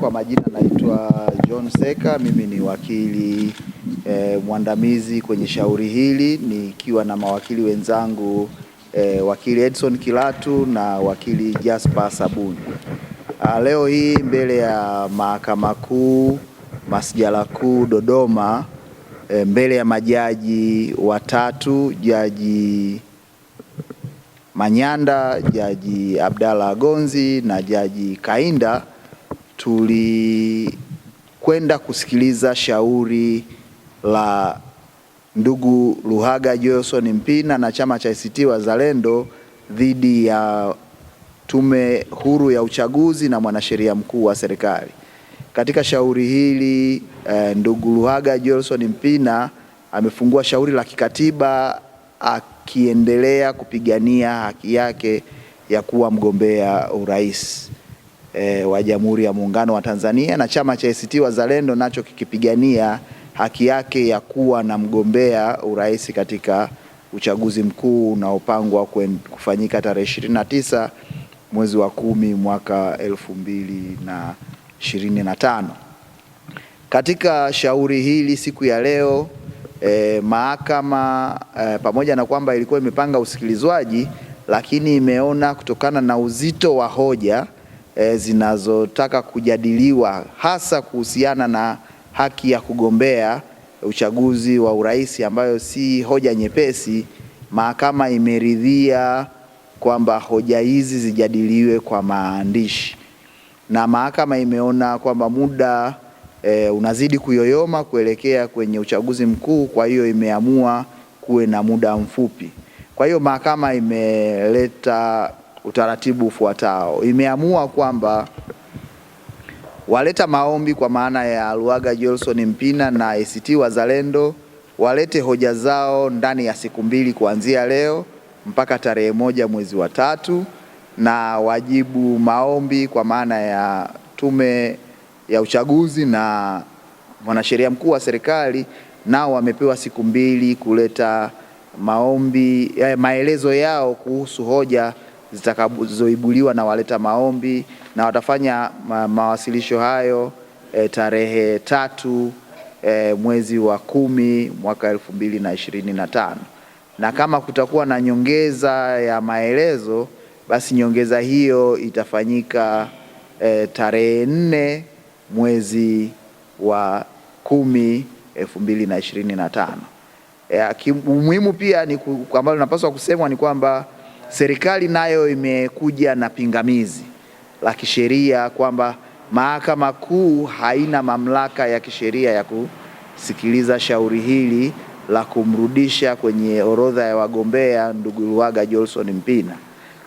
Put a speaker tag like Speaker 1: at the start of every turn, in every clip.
Speaker 1: Kwa majina naitwa John Seka, mimi ni wakili e, mwandamizi kwenye shauri hili nikiwa na mawakili wenzangu e, wakili Edson Kilatu na wakili Jasper Sabuni. A, ah, leo hii mbele ya Mahakama Kuu Masjala Kuu Dodoma e, mbele ya majaji watatu, Jaji Manyanda, Jaji Abdalla Agonzi na Jaji Kainda tulikwenda kusikiliza shauri la ndugu Luhaga Johnson Mpina na chama cha ACT Wazalendo dhidi ya Tume Huru ya Uchaguzi na Mwanasheria Mkuu wa Serikali. Katika shauri hili eh, ndugu Luhaga Johnson Mpina amefungua shauri la kikatiba akiendelea kupigania haki yake ya kuwa mgombea urais e, wa Jamhuri ya Muungano wa Tanzania, na chama cha ACT Wazalendo nacho kikipigania haki yake ya kuwa na mgombea urais katika uchaguzi mkuu unaopangwa kufanyika tarehe 29 mwezi wa kumi mwaka elfu mbili na na tano. Katika shauri hili siku ya leo e, mahakama e, pamoja na kwamba ilikuwa imepanga usikilizwaji, lakini imeona kutokana na uzito wa hoja e, zinazotaka kujadiliwa hasa kuhusiana na haki ya kugombea uchaguzi wa urais ambayo si hoja nyepesi. Mahakama imeridhia kwamba hoja hizi zijadiliwe kwa maandishi, na mahakama imeona kwamba muda e, unazidi kuyoyoma kuelekea kwenye uchaguzi mkuu, kwa hiyo imeamua kuwe na muda mfupi. Kwa hiyo mahakama imeleta utaratibu ufuatao. Imeamua kwamba waleta maombi kwa maana ya Luhaga Johnson Mpina na ACT Wazalendo walete hoja zao ndani ya siku mbili kuanzia leo mpaka tarehe moja mwezi wa tatu, na wajibu maombi kwa maana ya tume ya uchaguzi na mwanasheria mkuu wa serikali, nao wamepewa siku mbili kuleta maombi ya eh, maelezo yao kuhusu hoja zitakazoibuliwa na waleta maombi na watafanya ma mawasilisho hayo e, tarehe tatu e, mwezi wa kumi mwaka elfu mbili na ishirini na tano na kama kutakuwa na nyongeza ya maelezo basi nyongeza hiyo itafanyika e, tarehe nne mwezi wa kumi elfu mbili na ishirini na tano. E, umuhimu pia ni ambalo napaswa kusemwa ni kwamba serikali nayo imekuja na pingamizi la kisheria kwamba Mahakama Kuu haina mamlaka ya kisheria ya kusikiliza shauri hili la kumrudisha kwenye orodha ya wagombea ndugu Luhaga Johnson Mpina.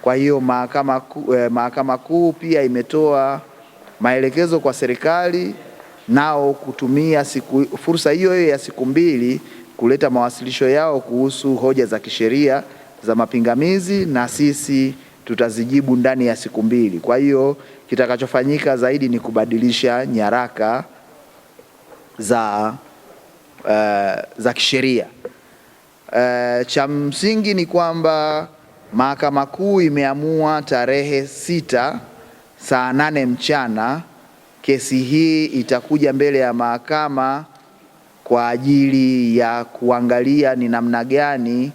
Speaker 1: Kwa hiyo mahakama kuu, eh, mahakama kuu pia imetoa maelekezo kwa serikali nao kutumia siku, fursa hiyo hiyo ya siku mbili kuleta mawasilisho yao kuhusu hoja za kisheria za mapingamizi na sisi tutazijibu ndani ya siku mbili. Kwa hiyo kitakachofanyika zaidi ni kubadilisha nyaraka za, uh, za kisheria. Uh, cha msingi ni kwamba Mahakama Kuu imeamua tarehe sita saa nane mchana kesi hii itakuja mbele ya mahakama kwa ajili ya kuangalia ni namna gani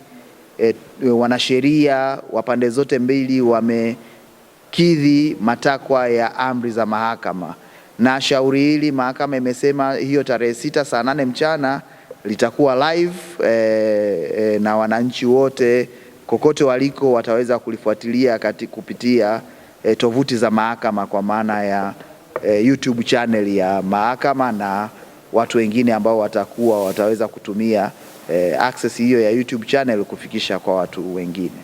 Speaker 1: e, wanasheria wa pande zote mbili wamekidhi matakwa ya amri za mahakama, na shauri hili mahakama imesema hiyo tarehe sita saa nane mchana litakuwa live e, e, na wananchi wote kokote waliko wataweza kulifuatilia kati kupitia e, tovuti za mahakama kwa maana ya e, YouTube channel ya mahakama na watu wengine ambao watakuwa wataweza kutumia eh, access hiyo ya YouTube channel kufikisha kwa watu wengine.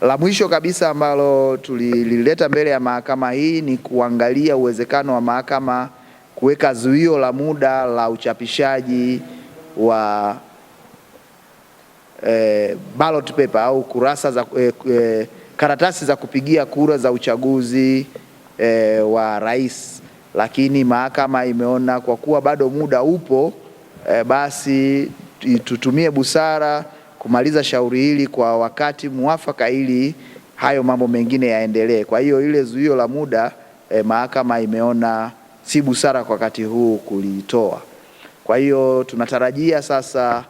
Speaker 1: La mwisho kabisa ambalo tulilileta mbele ya mahakama hii ni kuangalia uwezekano wa mahakama kuweka zuio la muda la uchapishaji wa eh, ballot paper au kurasa za eh, eh, karatasi za kupigia kura za uchaguzi eh, wa rais, lakini mahakama imeona kwa kuwa bado muda upo eh, basi tutumie busara kumaliza shauri hili kwa wakati muafaka ili hayo mambo mengine yaendelee. Kwa hiyo ile zuio la muda eh, mahakama imeona si busara kwa wakati huu kulitoa. Kwa hiyo tunatarajia sasa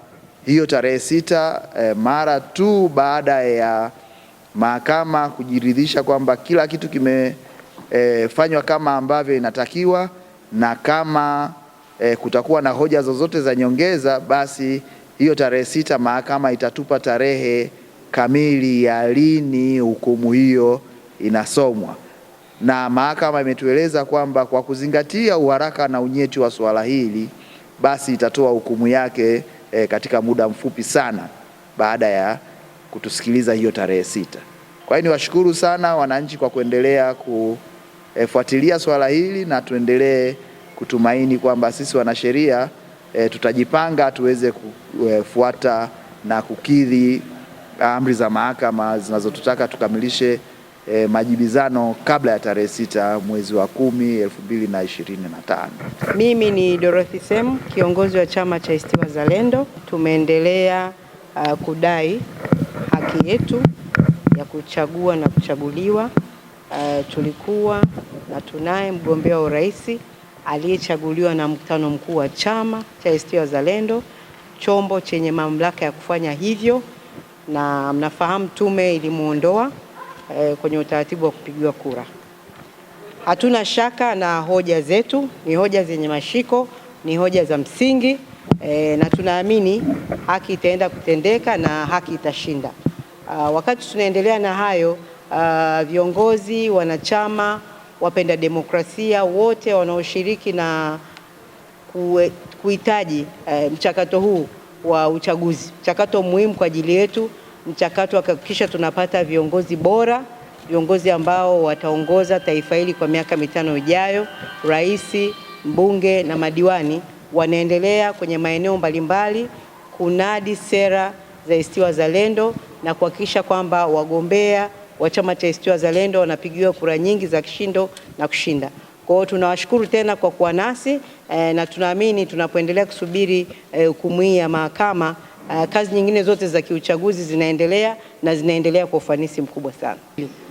Speaker 1: hiyo tarehe sita eh, mara tu baada ya mahakama kujiridhisha kwamba kila kitu kimefanywa eh, kama ambavyo inatakiwa na kama e, kutakuwa na hoja zozote za nyongeza, basi hiyo tarehe sita mahakama itatupa tarehe kamili ya lini hukumu hiyo inasomwa. Na mahakama imetueleza kwamba kwa kuzingatia uharaka na unyeti wa suala hili, basi itatoa hukumu yake e, katika muda mfupi sana baada ya kutusikiliza hiyo tarehe sita. Kwa hiyo niwashukuru sana wananchi kwa kuendelea kufuatilia eh, swala hili na tuendelee kutumaini kwamba sisi wanasheria e, tutajipanga tuweze kufuata eh, na kukidhi ah, amri za mahakama zinazotutaka tukamilishe e, majibizano kabla ya tarehe sita mwezi wa kumi elfu mbili na ishirini na tano.
Speaker 2: Mimi ni Dorothy Semu, kiongozi wa chama cha ACT Wazalendo. Tumeendelea uh, kudai haki yetu ya kuchagua na kuchaguliwa. Uh, tulikuwa na tunaye mgombea wa urais aliyechaguliwa na mkutano mkuu wa chama cha ACT Wazalendo, chombo chenye mamlaka ya kufanya hivyo, na mnafahamu tume ilimwondoa e, kwenye utaratibu wa kupigiwa kura. Hatuna shaka na hoja zetu, ni hoja zenye mashiko, ni hoja za msingi e, na tunaamini haki itaenda kutendeka na haki itashinda. Uh, wakati tunaendelea na hayo uh, viongozi wanachama wapenda demokrasia wote wanaoshiriki na kuhitaji e, mchakato huu wa uchaguzi, mchakato muhimu kwa ajili yetu, mchakato wa kuhakikisha tunapata viongozi bora, viongozi ambao wataongoza taifa hili kwa miaka mitano ijayo. Rais, mbunge na madiwani wanaendelea kwenye maeneo mbalimbali kunadi sera za ACT Wazalendo na kuhakikisha kwamba wagombea wa chama cha ACT Wazalendo wanapigiwa kura nyingi za kishindo na kushinda. Kwa hiyo tunawashukuru tena kwa kuwa nasi e, na tunaamini tunapoendelea kusubiri eh, hukumu e, hii ya mahakama e, kazi nyingine zote za kiuchaguzi zinaendelea na zinaendelea kwa ufanisi mkubwa sana.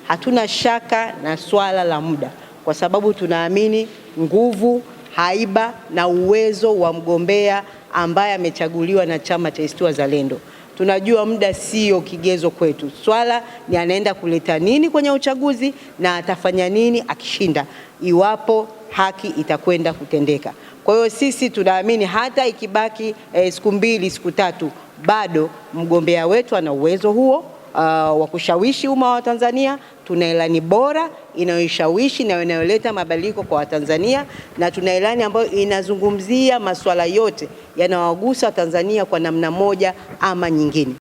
Speaker 2: Hatuna shaka na swala la muda kwa sababu tunaamini nguvu, haiba na uwezo wa mgombea ambaye amechaguliwa na chama cha ACT Wazalendo tunajua muda sio kigezo kwetu. Swala ni anaenda kuleta nini kwenye uchaguzi na atafanya nini akishinda, iwapo haki itakwenda kutendeka. Kwa hiyo sisi tunaamini hata ikibaki eh, siku mbili siku tatu, bado mgombea wetu ana uwezo huo uh, wa kushawishi umma wa Tanzania. Tuna ilani bora inayoishawishi na inayoleta mabadiliko kwa Watanzania, na tuna ilani ambayo inazungumzia masuala yote yanayowagusa Watanzania kwa namna moja ama nyingine.